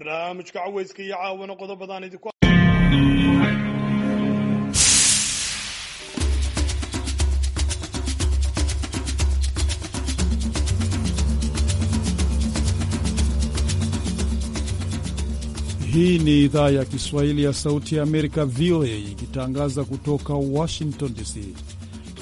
barnaamijka cawayska iyo caawana idinku Hii ni idhaa ya Kiswahili ya Sauti ya Amerika, VOA, ikitangaza kutoka Washington DC.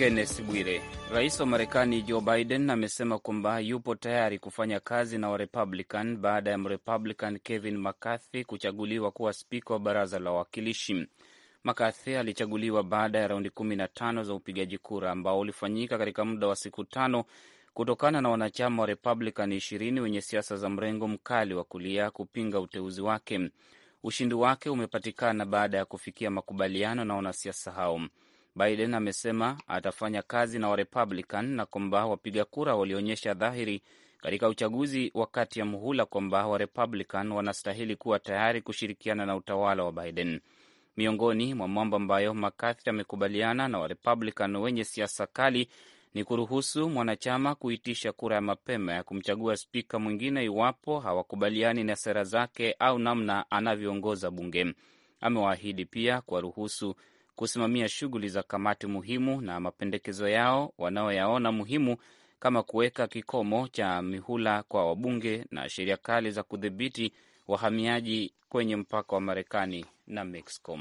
Kenneth Bwire. Rais wa Marekani Joe Biden amesema kwamba yupo tayari kufanya kazi na Warepublican baada ya Mrepublican Kevin McCarthy kuchaguliwa kuwa spika wa baraza la wawakilishi. McCarthy alichaguliwa baada ya raundi 15 za upigaji kura ambao ulifanyika katika muda wa siku tano kutokana na wanachama wa Republican 20 wenye siasa za mrengo mkali wa kulia kupinga uteuzi wake. Ushindi wake umepatikana baada ya kufikia makubaliano na wanasiasa hao. Biden amesema atafanya kazi na Warepublican na kwamba wapiga kura walionyesha dhahiri katika uchaguzi wa kati ya muhula kwamba Warepublican wanastahili kuwa tayari kushirikiana na utawala wa Biden. Miongoni mwa mambo ambayo McCarthy amekubaliana na Warepublican wenye siasa kali ni kuruhusu mwanachama kuitisha kura ya mapema ya kumchagua spika mwingine iwapo hawakubaliani na sera zake au namna anavyoongoza bunge. Amewaahidi pia kuwaruhusu kusimamia shughuli za kamati muhimu na mapendekezo yao wanaoyaona muhimu kama kuweka kikomo cha mihula kwa wabunge na sheria kali za kudhibiti wahamiaji kwenye mpaka wa Marekani na Mexico.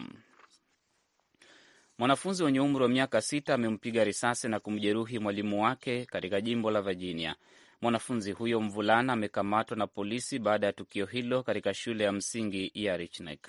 Mwanafunzi wenye umri wa miaka sita amempiga risasi na kumjeruhi mwalimu wake katika jimbo la Virginia. Mwanafunzi huyo mvulana amekamatwa na polisi baada ya tukio hilo katika shule ya msingi ya Richneck.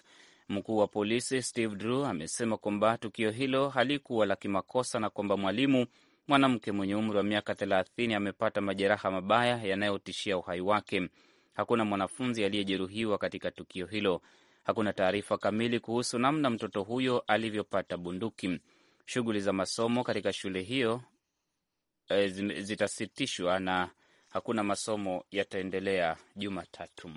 Mkuu wa polisi Steve Drew amesema kwamba tukio hilo halikuwa la kimakosa na kwamba mwalimu mwanamke mwenye umri wa miaka 30 amepata majeraha mabaya yanayotishia uhai wake. Hakuna mwanafunzi aliyejeruhiwa katika tukio hilo. Hakuna taarifa kamili kuhusu namna mtoto huyo alivyopata bunduki. Shughuli za masomo katika shule hiyo e, zitasitishwa na hakuna masomo yataendelea Jumatatu.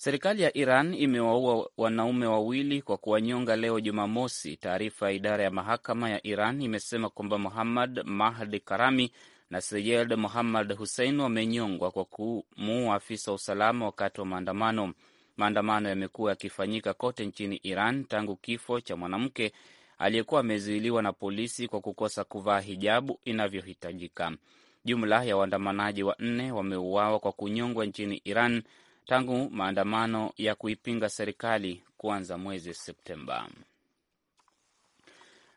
Serikali ya Iran imewaua wanaume wawili kwa kuwanyonga leo Jumamosi. Taarifa ya idara ya mahakama ya Iran imesema kwamba Muhammad Mahdi Karami na Seyed Muhammad Hussein wamenyongwa kwa kumuua afisa wa usalama wakati wa maandamano. Maandamano yamekuwa yakifanyika kote nchini Iran tangu kifo cha mwanamke aliyekuwa amezuiliwa na polisi kwa kukosa kuvaa hijabu inavyohitajika. Jumla ya waandamanaji wanne wameuawa kwa kunyongwa nchini Iran tangu maandamano ya kuipinga serikali kuanza mwezi Septemba.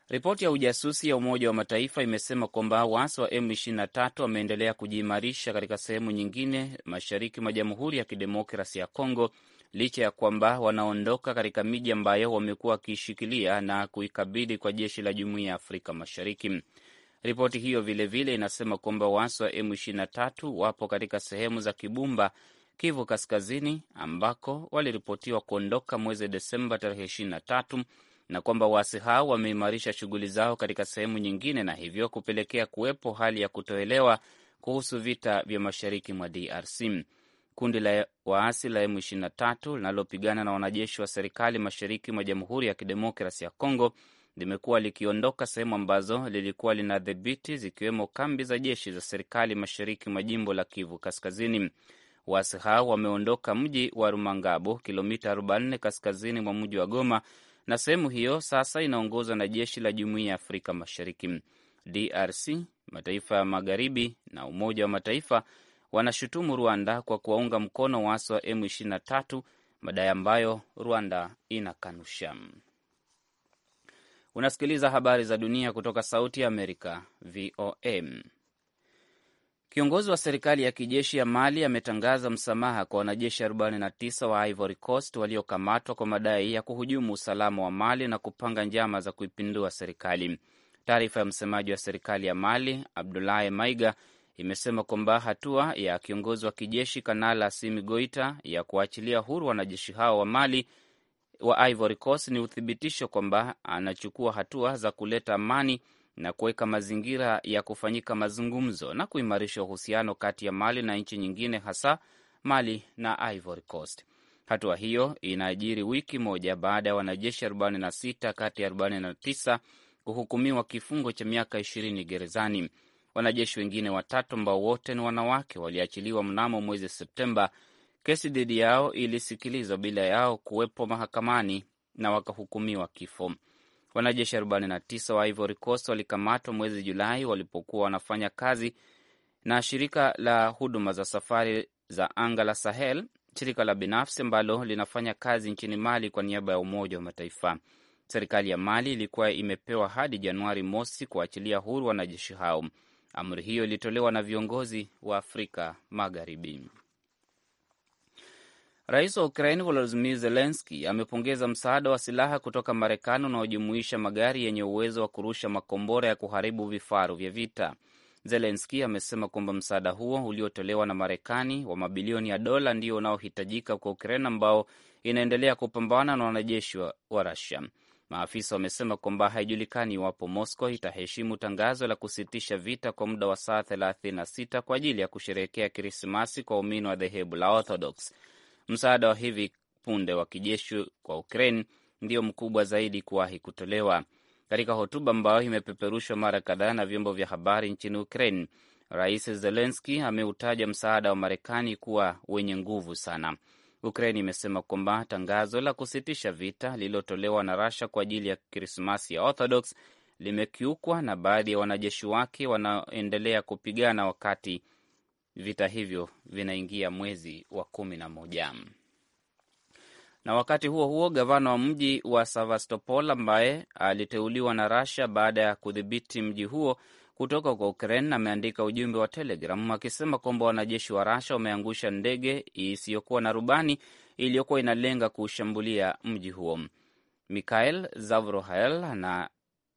Ripoti ya ujasusi ya Umoja wa Mataifa imesema kwamba waasi wa M23 wameendelea kujiimarisha katika sehemu nyingine mashariki mwa Jamhuri ya Kidemokrasi ya Kongo licha ya kwamba wanaondoka katika miji ambayo wamekuwa wakiishikilia na kuikabidhi kwa jeshi la Jumuiya ya Afrika Mashariki. Ripoti hiyo vilevile vile inasema kwamba waasi wa M23 wapo katika sehemu za Kibumba Kivu Kaskazini, ambako waliripotiwa kuondoka mwezi Desemba tarehe 23 na kwamba waasi hao wameimarisha shughuli zao katika sehemu nyingine na hivyo kupelekea kuwepo hali ya kutoelewa kuhusu vita vya mashariki mwa DRC. Kundi la waasi la M23 linalopigana na wanajeshi wa serikali mashariki mwa Jamhuri ya Kidemokrasi ya congo limekuwa likiondoka sehemu ambazo lilikuwa linadhibiti zikiwemo kambi za jeshi za serikali mashariki mwa jimbo la Kivu Kaskazini. Waasi hao wameondoka mji wa Rumangabo, kilomita 44 kaskazini mwa mji wa Goma, na sehemu hiyo sasa inaongozwa na jeshi la Jumuiya ya Afrika Mashariki. DRC, mataifa ya magharibi na Umoja wa Mataifa wanashutumu Rwanda kwa kuwaunga mkono waasi wa M23, madai ambayo Rwanda inakanusha. Unasikiliza habari za dunia kutoka Sauti ya Amerika, VOA. Kiongozi wa serikali ya kijeshi ya Mali ametangaza msamaha kwa wanajeshi 49 wa Ivory Coast waliokamatwa kwa madai ya kuhujumu usalama wa Mali na kupanga njama za kuipindua serikali. Taarifa ya msemaji wa serikali ya Mali Abdoulaye Maiga imesema kwamba hatua ya kiongozi wa kijeshi Kanala asimi Goita ya kuachilia huru wanajeshi hao wa Mali wa Ivory Coast ni uthibitisho kwamba anachukua hatua za kuleta amani na kuweka mazingira ya kufanyika mazungumzo na kuimarisha uhusiano kati ya Mali na nchi nyingine, hasa Mali na Ivory Coast. Hatua hiyo inaajiri wiki moja baada ya wanajeshi 46 kati ya 49 kuhukumiwa kifungo cha miaka 20 gerezani. Wanajeshi wengine watatu ambao wote ni wanawake waliachiliwa mnamo mwezi Septemba. Kesi dhidi yao ilisikilizwa bila yao kuwepo mahakamani na wakahukumiwa kifo. Wanajeshi 49 wa Ivory Coast walikamatwa mwezi Julai walipokuwa wanafanya kazi na shirika la huduma za safari za anga la Sahel, shirika la binafsi ambalo linafanya kazi nchini Mali kwa niaba ya Umoja wa Mataifa. Serikali ya Mali ilikuwa imepewa hadi Januari mosi kuachilia huru wanajeshi hao. Amri hiyo ilitolewa na viongozi wa Afrika Magharibi. Rais wa ukrain Volodymyr Zelenski amepongeza msaada wa silaha kutoka Marekani unaojumuisha magari yenye uwezo wa kurusha makombora ya kuharibu vifaru vya vita. Zelenski amesema kwamba msaada huo uliotolewa na Marekani wa mabilioni ya dola ndio unaohitajika kwa Ukraini ambao inaendelea kupambana na wanajeshi wa Rusia. Maafisa wamesema kwamba haijulikani iwapo Moscow itaheshimu tangazo la kusitisha vita kwa muda wa saa 36 kwa ajili ya kusherehekea Krismasi kwa waumini wa dhehebu la Orthodox. Msaada wa hivi punde wa kijeshi kwa Ukraine ndio mkubwa zaidi kuwahi kutolewa. Katika hotuba ambayo imepeperushwa mara kadhaa na vyombo vya habari nchini Ukraine, Rais Zelenski ameutaja msaada wa Marekani kuwa wenye nguvu sana. Ukraine imesema kwamba tangazo la kusitisha vita lililotolewa na rasha kwa ajili ya Krismasi ya Orthodox limekiukwa na baadhi ya wanajeshi wake wanaoendelea kupigana wakati vita hivyo vinaingia mwezi wa kumi na moja. Na wakati huo huo, gavana wa mji wa Sevastopol ambaye aliteuliwa na Russia baada ya kudhibiti mji huo kutoka kwa Ukraine ameandika ujumbe wa Telegram akisema kwamba wanajeshi wa Russia wameangusha ndege isiyokuwa na rubani iliyokuwa inalenga kuushambulia mji huo. Mikhail Zavrohel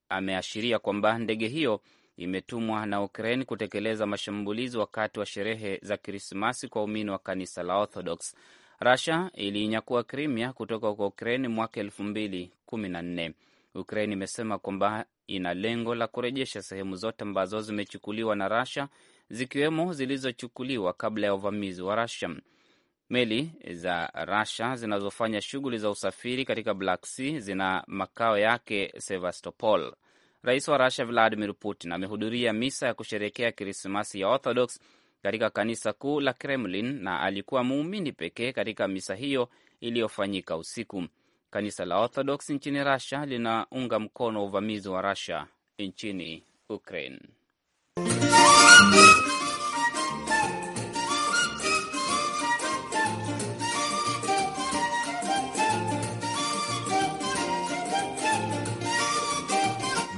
ameashiria kwamba ndege hiyo imetumwa na Ukraine kutekeleza mashambulizi wakati wa sherehe za Krismasi kwa waumini wa kanisa la Orthodox. rusia iliinyakua krimia kutoka kwa Ukraine mwaka elfu mbili kumi na nne. Ukraine imesema kwamba ina lengo la kurejesha sehemu zote ambazo zimechukuliwa na rasia zikiwemo zilizochukuliwa kabla ya uvamizi wa rusia Meli za rusia zinazofanya shughuli za usafiri katika Black Sea zina makao yake Sevastopol. Rais wa Rusia Vladimir Putin amehudhuria misa ya kusherekea Krismasi ya Orthodox katika kanisa kuu la Kremlin na alikuwa muumini pekee katika misa hiyo iliyofanyika usiku. Kanisa la Orthodox nchini Rusia linaunga mkono wa uvamizi wa Rusia nchini Ukraine.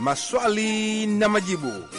maswali na majibu.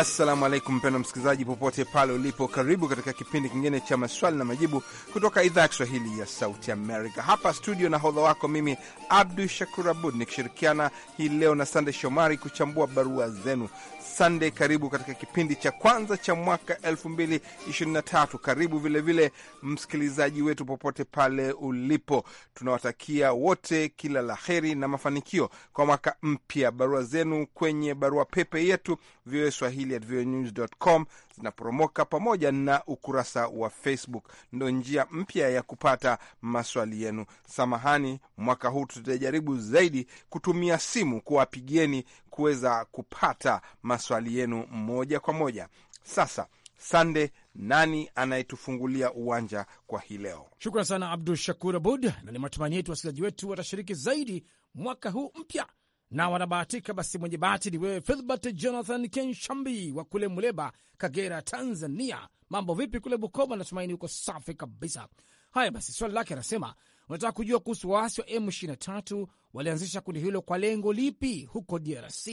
Assalamu alaikum mpendo msikilizaji, popote pale ulipo, karibu katika kipindi kingine cha maswali na majibu kutoka idhaa ya Kiswahili ya Sauti Amerika. Hapa studio na hodha wako mimi Abdu Shakur Abud nikishirikiana hii leo na Sande Shomari kuchambua barua zenu. Sande, karibu katika kipindi cha kwanza cha mwaka 2023. Karibu vilevile vile, msikilizaji wetu popote pale ulipo, tunawatakia wote kila la heri na mafanikio kwa mwaka mpya. Barua zenu kwenye barua pepe yetu voaswahili Swahili at voanews.com zinaporomoka pamoja na ukurasa wa Facebook. Ndo njia mpya ya kupata maswali yenu. Samahani, mwaka huu tutajaribu zaidi kutumia simu kuwapigieni kuweza kupata maswali yenu moja kwa moja. Sasa Sande, nani anayetufungulia uwanja kwa hii leo? Shukran sana Abdu Shakur Abud, na ni matumaini yetu wasikilizaji wetu watashiriki zaidi mwaka huu mpya na wanabahatika basi, mwenye bahati ni wewe Filbert Jonathan Kenshambi wa kule Muleba, Kagera, Tanzania. Mambo vipi kule Bukoba? Natumaini uko safi kabisa. Haya basi, swali lake anasema unataka kujua kuhusu waasi wa M23 walianzisha kundi hilo kwa lengo lipi huko DRC?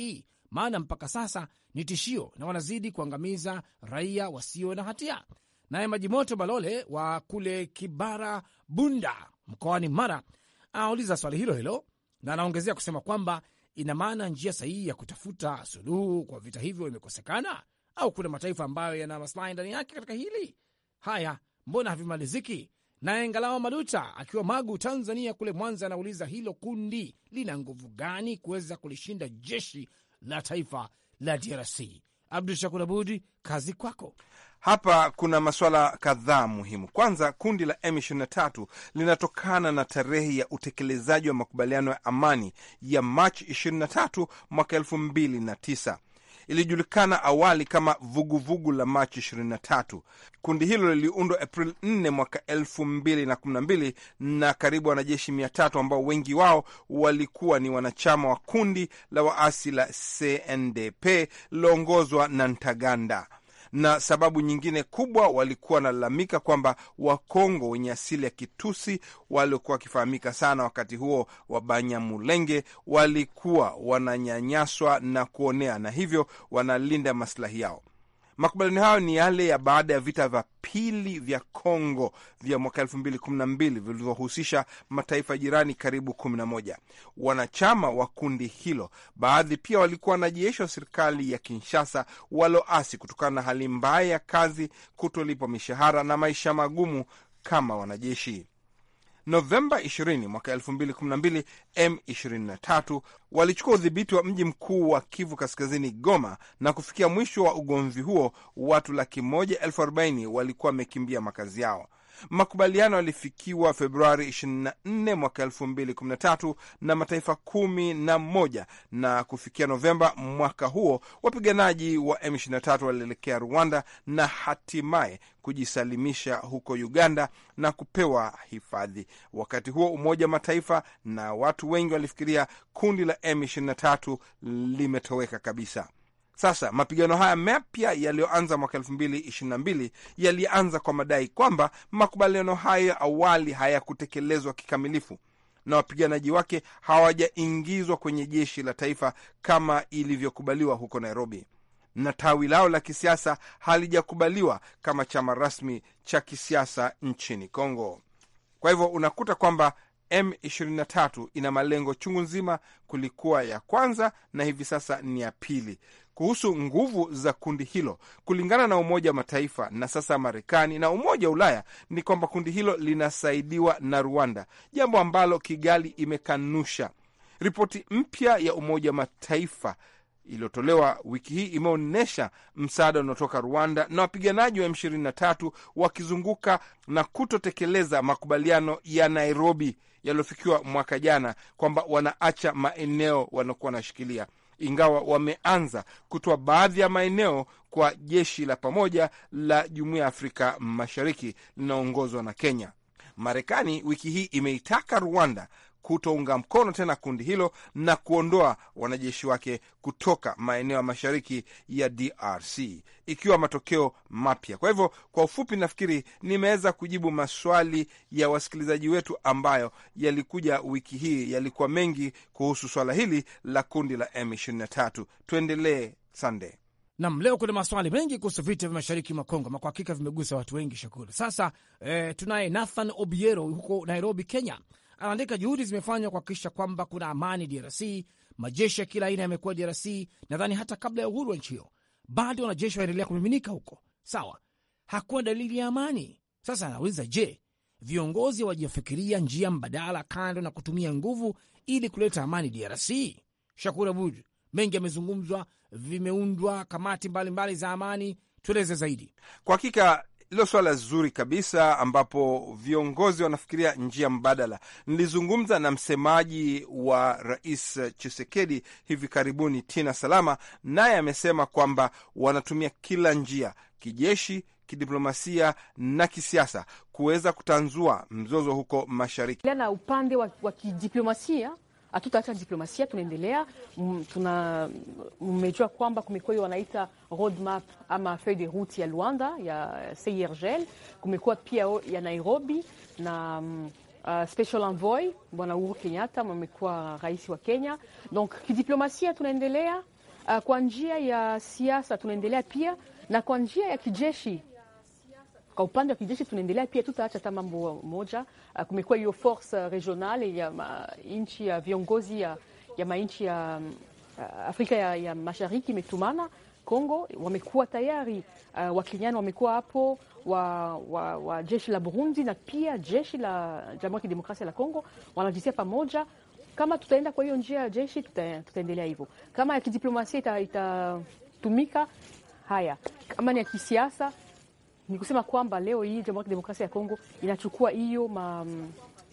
Maana mpaka sasa ni tishio na wanazidi kuangamiza raia wasio na hatia. Naye Majimoto Balole wa kule Kibara Bunda mkoani Mara anauliza swali hilo hilo na anaongezea kusema kwamba ina maana njia sahihi ya kutafuta suluhu kwa vita hivyo imekosekana, au kuna mataifa ambayo yana maslahi ndani yake katika hili? Haya, mbona havimaliziki? Naye Ngalawa Maluta akiwa Magu, Tanzania, kule Mwanza, anauliza hilo kundi lina nguvu gani kuweza kulishinda jeshi la taifa la DRC? Abdu Shakur Abudi, kazi kwako. Hapa kuna masuala kadhaa muhimu. Kwanza, kundi la M23 linatokana na tarehe ya utekelezaji wa makubaliano ya amani ya Machi 23 mwaka 2009. Ilijulikana awali kama vuguvugu vugu la Machi 23. Kundi hilo liliundwa Aprili 4 mwaka 2012 na karibu wanajeshi 300 ambao wengi wao walikuwa ni wanachama wa kundi la waasi la CNDP liloongozwa na Ntaganda na sababu nyingine kubwa walikuwa wanalalamika kwamba Wakongo wenye asili ya Kitusi waliokuwa wakifahamika sana wakati huo wa Banyamulenge walikuwa wananyanyaswa na kuonea, na hivyo wanalinda maslahi yao. Makubaliano hayo ni yale ya baada ya vita vya pili vya Kongo vya mwaka mbili vilivyohusisha mataifa jirani karibu moja. Wanachama wa kundi hilo baadhi pia walikuwa wanajeshi wa serikali ya Kinshasa waloasi kutokana na hali mbaya ya kazi, kutolipwa mishahara na maisha magumu kama wanajeshi. Novemba 20 mwaka 2012, M23 walichukua udhibiti wa mji mkuu wa Kivu Kaskazini, Goma, na kufikia mwisho wa ugomvi huo watu laki moja elfu arobaini walikuwa wamekimbia makazi yao. Makubaliano yalifikiwa Februari 24 mwaka 2013 na mataifa kumi na moja na kufikia Novemba mwaka huo wapiganaji wa M23 walielekea Rwanda na hatimaye kujisalimisha huko Uganda na kupewa hifadhi. Wakati huo Umoja wa Mataifa na watu wengi walifikiria kundi la M23 limetoweka kabisa. Sasa mapigano haya mapya yaliyoanza mwaka elfu mbili ishirini na mbili yalianza kwa madai kwamba makubaliano hayo awali hayakutekelezwa kikamilifu na wapiganaji wake hawajaingizwa kwenye jeshi la taifa kama ilivyokubaliwa huko Nairobi, na tawi lao la kisiasa halijakubaliwa kama chama rasmi cha kisiasa nchini Kongo. Kwa hivyo unakuta kwamba M23 ina malengo chungu nzima. Kulikuwa ya kwanza na hivi sasa ni ya pili kuhusu nguvu za kundi hilo kulingana na Umoja wa Mataifa na sasa Marekani na Umoja wa Ulaya ni kwamba kundi hilo linasaidiwa na Rwanda, jambo ambalo Kigali imekanusha. Ripoti mpya ya Umoja wa Mataifa iliyotolewa wiki hii imeonyesha msaada unaotoka Rwanda na wapiganaji wa M23 wakizunguka na kutotekeleza makubaliano ya Nairobi yaliyofikiwa mwaka jana kwamba wanaacha maeneo wanaokuwa wanashikilia ingawa wameanza kutoa baadhi ya maeneo kwa jeshi la pamoja la Jumuiya ya Afrika Mashariki linaongozwa na Kenya. Marekani wiki hii imeitaka Rwanda kutounga mkono tena kundi hilo na kuondoa wanajeshi wake kutoka maeneo ya mashariki ya DRC ikiwa matokeo mapya. Kwa hivyo, kwa ufupi, nafikiri nimeweza kujibu maswali ya wasikilizaji wetu ambayo yalikuja wiki hii, yalikuwa mengi kuhusu swala hili la kundi la M23. Tuendelee Sunday. Nam, leo kuna maswali mengi kuhusu vita vya mashariki mwa Kongo, kwa hakika vimegusa watu wengi. Shukuru. Sasa eh, tunaye Nathan Obiero huko Nairobi, Kenya anaandika, juhudi zimefanywa kuhakikisha kwamba kuna amani DRC. Majeshi ya kila aina yamekuwa DRC, nadhani hata kabla ya uhuru wa nchi hiyo bado wanajeshi waendelea kumiminika huko. Sawa, hakuna dalili ya amani. Sasa anauliza, je, viongozi wajafikiria njia mbadala kando na kutumia nguvu ili kuleta amani DRC? Shakur Abud, mengi yamezungumzwa, vimeundwa kamati mbalimbali mbali za amani. Tueleze zaidi. Kwa hakika hilo swala zuri kabisa, ambapo viongozi wanafikiria njia mbadala. Nilizungumza na msemaji wa Rais Chisekedi hivi karibuni, Tina Salama, naye amesema kwamba wanatumia kila njia kijeshi kidiplomasia na kisiasa kuweza kutanzua mzozo huko mashariki. Na upande wa, wa kidiplomasia hatutaacha diplomasia, tunaendelea. Tuna mmejua kwamba kumekuwa hiyo wanaita roadmap ama feuille de route ya Luanda ya CIRGL, kumekuwa pia ya Nairobi na Uh, special envoy Bwana Uhuru Kenyatta amekuwa rais wa Kenya. Donc kidiplomasia tunaendelea, uh, kwa njia ya siasa tunaendelea pia na kwa njia ya kijeshi kwa upande wa kijeshi tunaendelea pia, tutaacha hata mambo moja. Uh, Kumekuwa hiyo force ah, regionale ya nchi ya viongozi ya, ya manchi ya ah, Afrika ya, ya Mashariki imetumana Kongo, wamekuwa tayari uh, Wakeniana wamekuwa hapo wa, wa, wa jeshi la Burundi na pia jeshi la Jamhuri ya Kidemokrasia la Kongo wanajisia pamoja. Kama tutaenda kwa hiyo njia ya jeshi, tuta, tutaendelea hivyo. Kama ya kidiplomasia itatumika ita, haya, kama ni ya kisiasa ni kusema kwamba leo hii Jamhuri ya Kidemokrasia ya Kongo inachukua hiyo ma,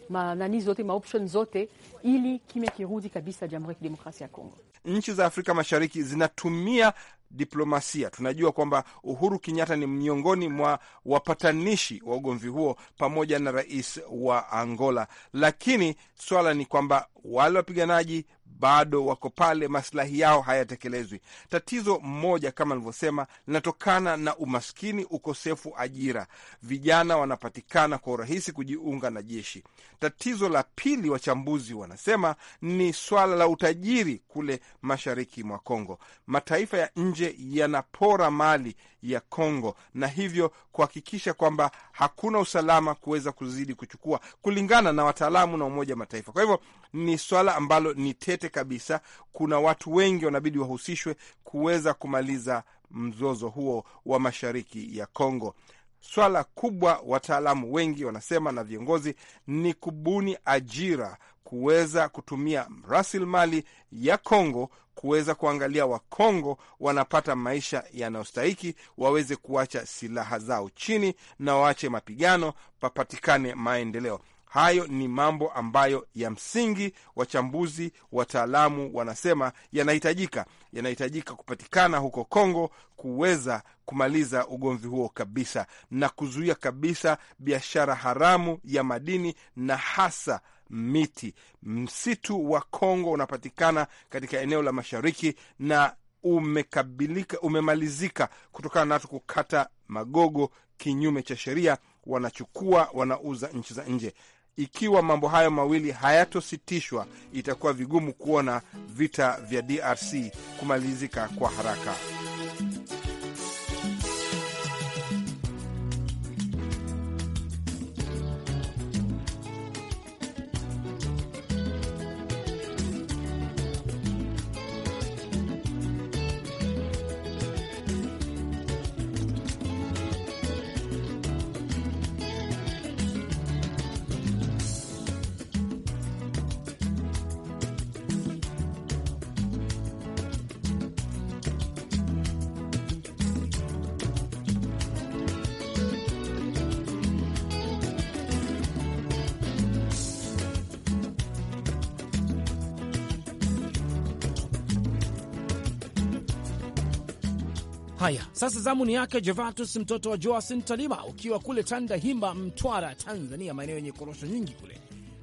ma, nani zote ma option zote ili kime kirudi kabisa Jamhuri ya Kidemokrasia ya Kongo. Nchi za Afrika Mashariki zinatumia diplomasia. Tunajua kwamba Uhuru Kenyatta ni miongoni mwa wapatanishi wa ugomvi huo pamoja na rais wa Angola, lakini swala ni kwamba wale wapiganaji bado wako pale, maslahi yao hayatekelezwi. Tatizo moja kama nilivyosema, linatokana na umaskini, ukosefu ajira, vijana wanapatikana kwa urahisi kujiunga na jeshi. Tatizo la pili, wachambuzi wanasema ni swala la utajiri kule mashariki mwa Kongo, mataifa ya nje yanapora mali ya Kongo, na hivyo kuhakikisha kwamba hakuna usalama kuweza kuzidi kuchukua, kulingana na wataalamu na Umoja Mataifa. Kwa hivyo ni swala ambalo ni tete kabisa. Kuna watu wengi wanabidi wahusishwe kuweza kumaliza mzozo huo wa mashariki ya Kongo. Swala kubwa, wataalamu wengi wanasema na viongozi, ni kubuni ajira, kuweza kutumia rasilimali ya Kongo kuweza kuangalia Wakongo wanapata maisha yanayostahiki, waweze kuacha silaha zao chini na waache mapigano, papatikane maendeleo. Hayo ni mambo ambayo ya msingi, wachambuzi wataalamu wanasema yanahitajika, yanahitajika kupatikana huko Kongo kuweza kumaliza ugomvi huo kabisa na kuzuia kabisa biashara haramu ya madini na hasa miti. Msitu wa Kongo unapatikana katika eneo la mashariki na umekabilika, umemalizika kutokana na watu kukata magogo kinyume cha sheria, wanachukua wanauza nchi za nje. Ikiwa mambo hayo mawili hayatositishwa, itakuwa vigumu kuona vita vya DRC kumalizika kwa haraka. Haya, sasa zamu ni yake Jevatus mtoto wa Joasin Talima, ukiwa kule tanda himba Mtwara, Tanzania, maeneo yenye korosho nyingi kule.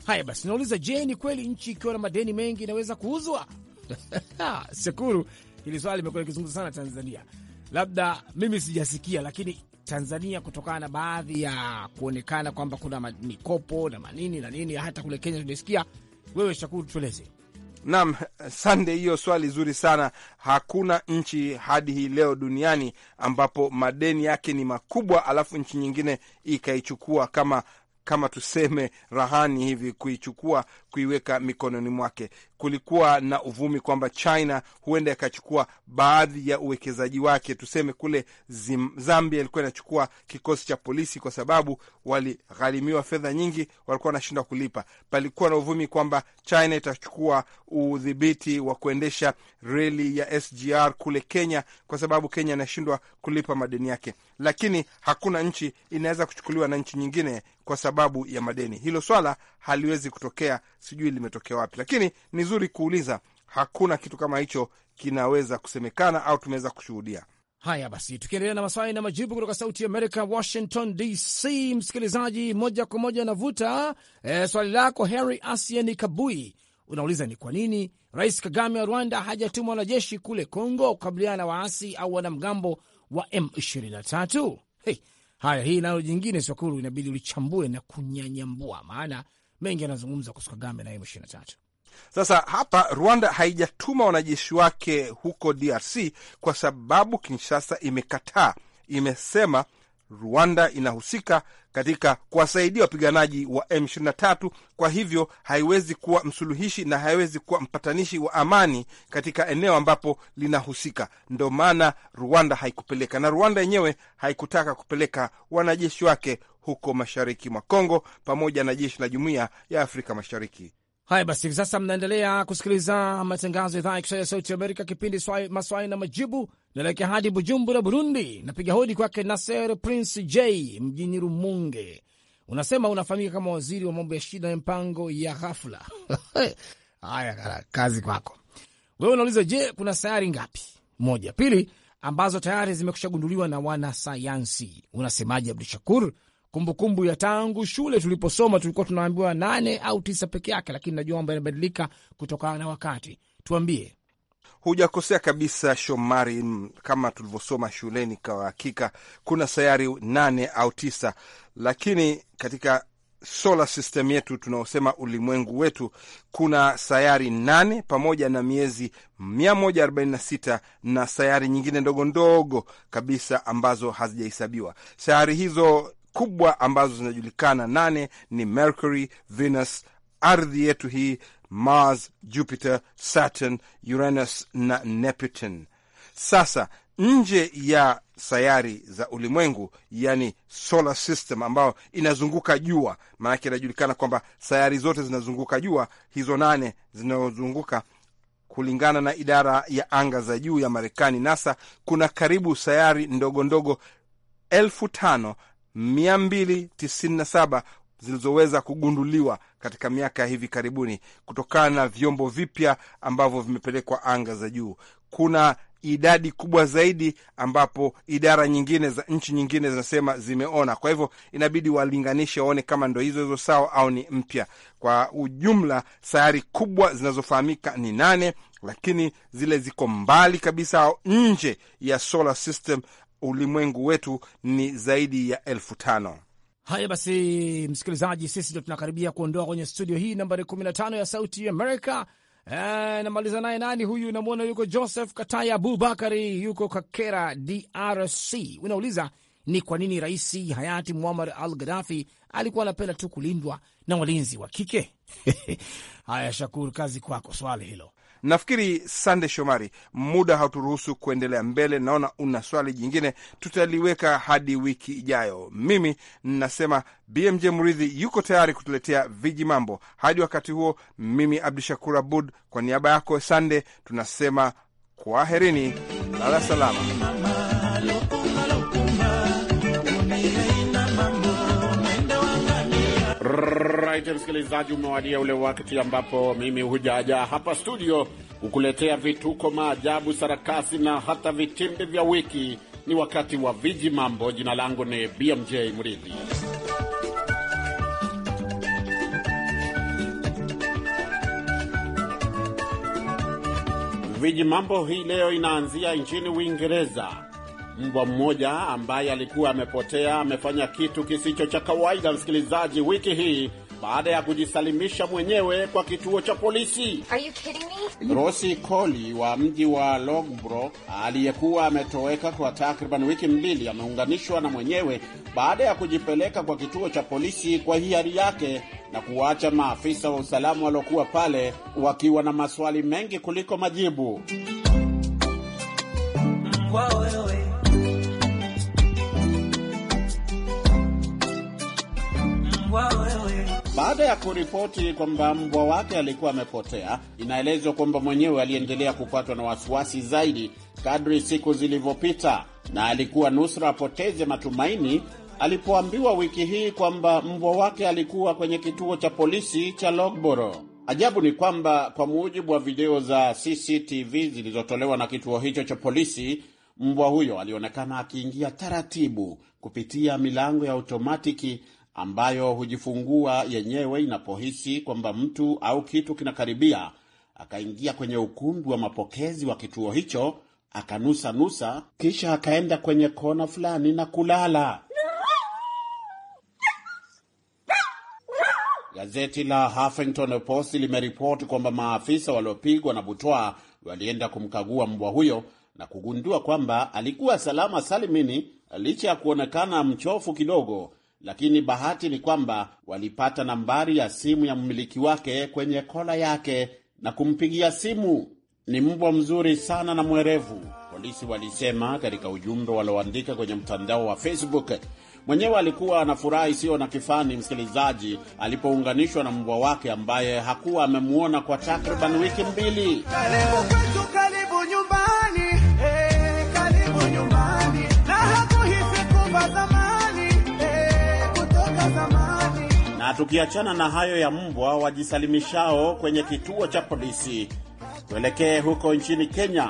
Haya basi, nauliza je, ni kweli nchi ikiwa na madeni mengi inaweza kuuzwa? Sekuru, hili swali limekuwa likizungumza sana Tanzania. Labda mimi sijasikia, lakini Tanzania kutokana na baadhi ya kuonekana kwamba kuna mikopo na manini na nini, hata kule Kenya tunasikia. Wewe Shakuru, tueleze Naam, Sande, hiyo swali zuri sana. Hakuna nchi hadi hii leo duniani ambapo madeni yake ni makubwa, alafu nchi nyingine ikaichukua kama kama tuseme rahani hivi kuichukua kuiweka mikononi mwake. Kulikuwa na uvumi kwamba China huenda ikachukua baadhi ya uwekezaji wake. Tuseme kule Zambia ilikuwa inachukua kikosi cha polisi kwa sababu waligharimiwa fedha nyingi, walikuwa wanashindwa kulipa. Palikuwa na uvumi kwamba China itachukua udhibiti wa kuendesha reli ya SGR kule Kenya kwa sababu Kenya inashindwa kulipa madeni yake, lakini hakuna nchi inaweza kuchukuliwa na nchi nyingine kwa sababu ya madeni. Hilo swala haliwezi kutokea sijui limetokea wapi, lakini ni zuri kuuliza. Hakuna kitu kama hicho kinaweza kusemekana au tumeweza kushuhudia. Haya basi, tukiendelea na maswali na majibu kutoka Sauti ya Amerika, Washington DC. Msikilizaji moja kwa moja anavuta e, eh, swali lako Harry Asien Kabui unauliza ni kwa nini Rais Kagame wa Rwanda hajatuma wanajeshi kule congo kukabiliana na waasi au wanamgambo wa M23. Hey, haya hii nalo jingine Swakuru, inabidi ulichambue na kunyanyambua, maana mengi yanazungumza kuhusu Kagame na M23. Sasa hapa Rwanda haijatuma wanajeshi wake huko DRC kwa sababu Kinshasa imekataa, imesema Rwanda inahusika katika kuwasaidia wapiganaji wa M23, kwa hivyo haiwezi kuwa msuluhishi na haiwezi kuwa mpatanishi wa amani katika eneo ambapo linahusika. Ndo maana Rwanda haikupeleka, na Rwanda yenyewe haikutaka kupeleka wanajeshi wake huko mashariki mwa Kongo, pamoja na jeshi la Jumuiya ya Afrika Mashariki. Haya basi, hivi sasa mnaendelea kusikiliza matangazo ya idhaa ya Kiswahili ya Sauti Amerika, kipindi maswali na majibu. Naelekea hadi Bujumbura, Burundi. Napiga hodi kwake Naser Prince J mjini Rumunge. Unasema unafahamika kama waziri wa mambo ya shida na mpango ya ghafla. Haya, kazi kwako wewe. Unauliza, je, kuna sayari ngapi? Moja. Pili, ambazo tayari zimekushagunduliwa na wanasayansi. Unasemaje, Abdu Shakur? kumbukumbu ya tangu shule tuliposoma, tulikuwa tunaambiwa nane au tisa peke yake, lakini najua mambo yanabadilika kutokana na wakati. Tuambie. Hujakosea kabisa Shomari, kama tulivyosoma shuleni, kwa hakika kuna sayari nane au tisa, lakini katika solar system yetu tunaosema ulimwengu wetu kuna sayari nane pamoja na miezi 146 na sayari nyingine ndogo ndogo kabisa ambazo hazijahesabiwa. Sayari hizo kubwa ambazo zinajulikana nane ni Mercury, Venus, ardhi yetu hii, Mars, Jupiter, Saturn, Uranus na Neptune. Sasa nje ya sayari za ulimwengu, yani solar system ambayo inazunguka jua, maanake inajulikana kwamba sayari zote zinazunguka jua, hizo nane zinazozunguka kulingana na idara ya anga za juu ya Marekani, NASA, kuna karibu sayari ndogo ndogo elfu tano 297 zilizoweza kugunduliwa katika miaka ya hivi karibuni kutokana na vyombo vipya ambavyo vimepelekwa anga za juu. Kuna idadi kubwa zaidi ambapo idara nyingine za nchi nyingine zinasema zimeona. Kwa hivyo inabidi walinganishe waone kama ndo hizo hizo sawa au ni mpya. Kwa ujumla, sayari kubwa zinazofahamika ni nane, lakini zile ziko mbali kabisa au nje ya solar system ulimwengu wetu ni zaidi ya elfu tano. Haya basi, msikilizaji, sisi ndo tunakaribia kuondoa kwenye studio hii nambari 15 ya Sauti Amerika. E, namaliza naye nani huyu? Namwona yuko Joseph Kataya Abubakari, yuko Kakera, DRC. Unauliza ni kwa nini rais hayati Muammar al Gaddafi alikuwa anapenda tu kulindwa na walinzi wa kike? Haya Shakur, kazi kwako swali hilo. Nafikiri Sande Shomari, muda hauturuhusu kuendelea mbele. Naona una swali jingine, tutaliweka hadi wiki ijayo. Mimi nasema BMJ Mridhi yuko tayari kutuletea viji mambo. Hadi wakati huo, mimi Abdu Shakur Abud kwa niaba yako Sande tunasema kwaherini, lala salama. right, msikilizaji, umewadia ule wakati ambapo mimi hujaja hapa studio kukuletea vituko, maajabu, sarakasi na hata vitimbi vya wiki. Ni wakati wa viji mambo. Jina langu ni BMJ Mridhi. Viji mambo hii leo inaanzia nchini Uingereza. Mbwa mmoja ambaye alikuwa amepotea amefanya kitu kisicho cha kawaida msikilizaji, wiki hii baada ya kujisalimisha mwenyewe kwa kituo cha polisi. Are you kidding me? Rosi Koli wa mji wa Logbro aliyekuwa ametoweka kwa takriban wiki mbili ameunganishwa na mwenyewe baada ya kujipeleka kwa kituo cha polisi kwa hiari yake na kuwaacha maafisa wa usalama waliokuwa pale wakiwa na maswali mengi kuliko majibu. Wow, wow, wow. Baada ya kuripoti kwamba mbwa wake alikuwa amepotea, inaelezwa kwamba mwenyewe aliendelea kupatwa na wasiwasi zaidi kadri siku zilivyopita, na alikuwa nusra apoteze matumaini alipoambiwa wiki hii kwamba mbwa wake alikuwa kwenye kituo cha polisi cha Logboro. Ajabu ni kwamba kwa mujibu wa video za CCTV zilizotolewa na kituo hicho cha polisi, mbwa huyo alionekana akiingia taratibu kupitia milango ya otomatiki ambayo hujifungua yenyewe inapohisi kwamba mtu au kitu kinakaribia, akaingia kwenye ukumbi wa mapokezi wa kituo hicho akanusa nusa, kisha akaenda kwenye kona fulani na kulala. Gazeti la Huffington Post limeripoti kwamba maafisa waliopigwa na butwaa walienda kumkagua mbwa huyo na kugundua kwamba alikuwa salama salimini licha ya kuonekana mchofu kidogo lakini bahati ni kwamba walipata nambari ya simu ya mmiliki wake kwenye kola yake na kumpigia simu. Ni mbwa mzuri sana na mwerevu, polisi walisema katika ujumbe walioandika kwenye mtandao wa Facebook. Mwenyewe alikuwa na furaha isiyo na kifani, msikilizaji, alipounganishwa na mbwa wake ambaye hakuwa amemwona kwa takriban wiki mbili. Karibu kwetu, karibu nyumba Tukiachana na hayo ya mbwa wajisalimishao kwenye kituo cha polisi, tuelekee huko nchini Kenya.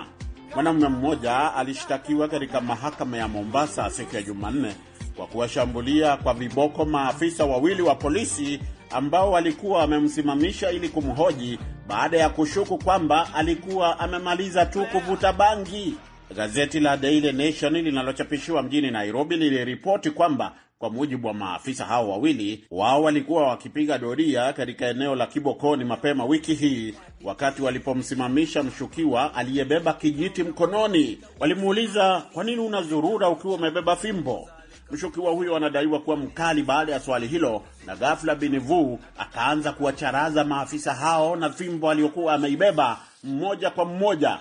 Mwanamume mmoja alishtakiwa katika mahakama ya Mombasa siku ya Jumanne kwa kuwashambulia kwa viboko maafisa wawili wa polisi ambao walikuwa wamemsimamisha ili kumhoji baada ya kushuku kwamba alikuwa amemaliza tu kuvuta bangi. Gazeti la Daily Nation linalochapishiwa mjini Nairobi liliripoti kwamba kwa mujibu wa maafisa hao wawili, wao walikuwa wakipiga doria katika eneo la Kibokoni mapema wiki hii, wakati walipomsimamisha mshukiwa aliyebeba kijiti mkononi. Walimuuliza, kwa nini unazurura ukiwa umebeba fimbo? Mshukiwa huyo anadaiwa kuwa mkali baada ya swali hilo, na ghafla Binivu akaanza kuwacharaza maafisa hao na fimbo aliyokuwa ameibeba mmoja kwa mmoja.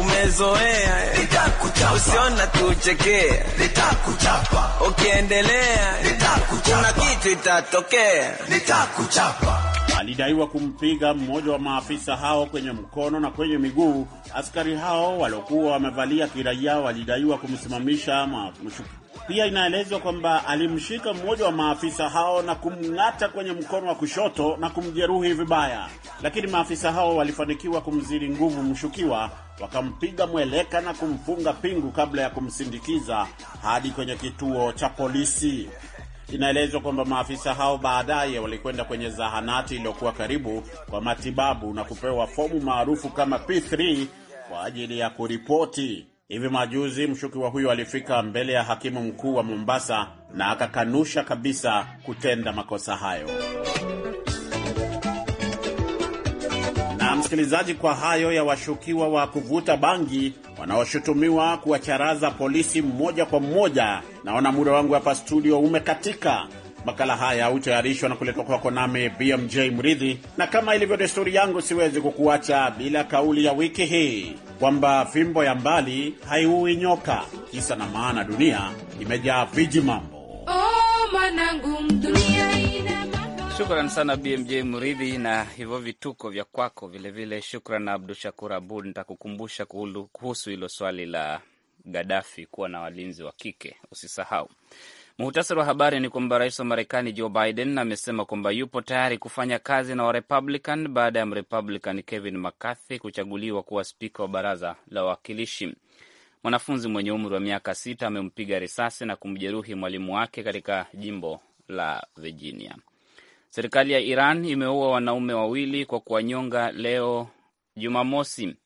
Umezoea eh. usiona tuchekea, nitakuchapa ukiendelea, eh. kuna kitu itatokea, nitakuchapa. Alidaiwa kumpiga mmoja wa maafisa hao kwenye mkono na kwenye miguu. Askari hao waliokuwa wamevalia kiraia walidaiwa kumsimamisha pia inaelezwa kwamba alimshika mmoja wa maafisa hao na kumng'ata kwenye mkono wa kushoto na kumjeruhi vibaya, lakini maafisa hao walifanikiwa kumzidi nguvu mshukiwa, wakampiga mweleka na kumfunga pingu kabla ya kumsindikiza hadi kwenye kituo cha polisi. Inaelezwa kwamba maafisa hao baadaye walikwenda kwenye zahanati iliyokuwa karibu kwa matibabu na kupewa fomu maarufu kama P3 kwa ajili ya kuripoti. Hivi majuzi mshukiwa huyo alifika mbele ya hakimu mkuu wa Mombasa na akakanusha kabisa kutenda makosa hayo. Na msikilizaji, kwa hayo ya washukiwa wa kuvuta bangi wanaoshutumiwa kuwacharaza polisi mmoja kwa mmoja, naona muda wangu hapa studio umekatika. Makala haya hutayarishwa na kuletwa kwako nami BMJ Mridhi, na kama ilivyo desturi yangu, siwezi kukuacha bila kauli ya wiki hii kwamba fimbo ya mbali haiui nyoka. Kisa na maana, dunia imejaa viji mambo. Oh, Shukran sana BMJ mridhi na hivyo vituko vya kwako vilevile. Shukran na Abdu Shakur Abud. Nitakukumbusha kuhusu hilo swali la Gadafi kuwa na walinzi wa kike, usisahau. Muhtasari wa habari ni kwamba rais wa Marekani Joe Biden amesema kwamba yupo tayari kufanya kazi na Warepublican baada ya Mrepublican Kevin McCarthy kuchaguliwa kuwa spika wa baraza la wawakilishi. Mwanafunzi mwenye umri wa miaka sita amempiga risasi na kumjeruhi mwalimu wake katika jimbo la Virginia. Serikali ya Iran imeua wanaume wawili kwa kuwanyonga leo Jumamosi.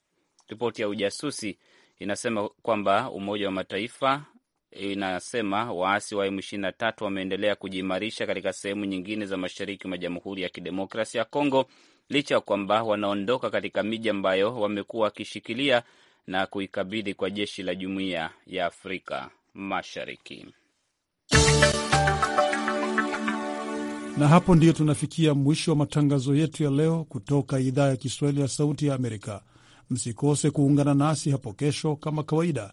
Ripoti ya ujasusi inasema kwamba Umoja wa Mataifa inasema waasi wa M23 wameendelea kujiimarisha katika sehemu nyingine za mashariki mwa Jamhuri ya Kidemokrasia ya Kongo licha ya kwamba wanaondoka katika miji ambayo wamekuwa wakishikilia na kuikabidhi kwa jeshi la Jumuiya ya Afrika Mashariki. Na hapo ndiyo tunafikia mwisho wa matangazo yetu ya leo kutoka idhaa ya Kiswahili ya Sauti ya Amerika. Msikose kuungana nasi hapo kesho kama kawaida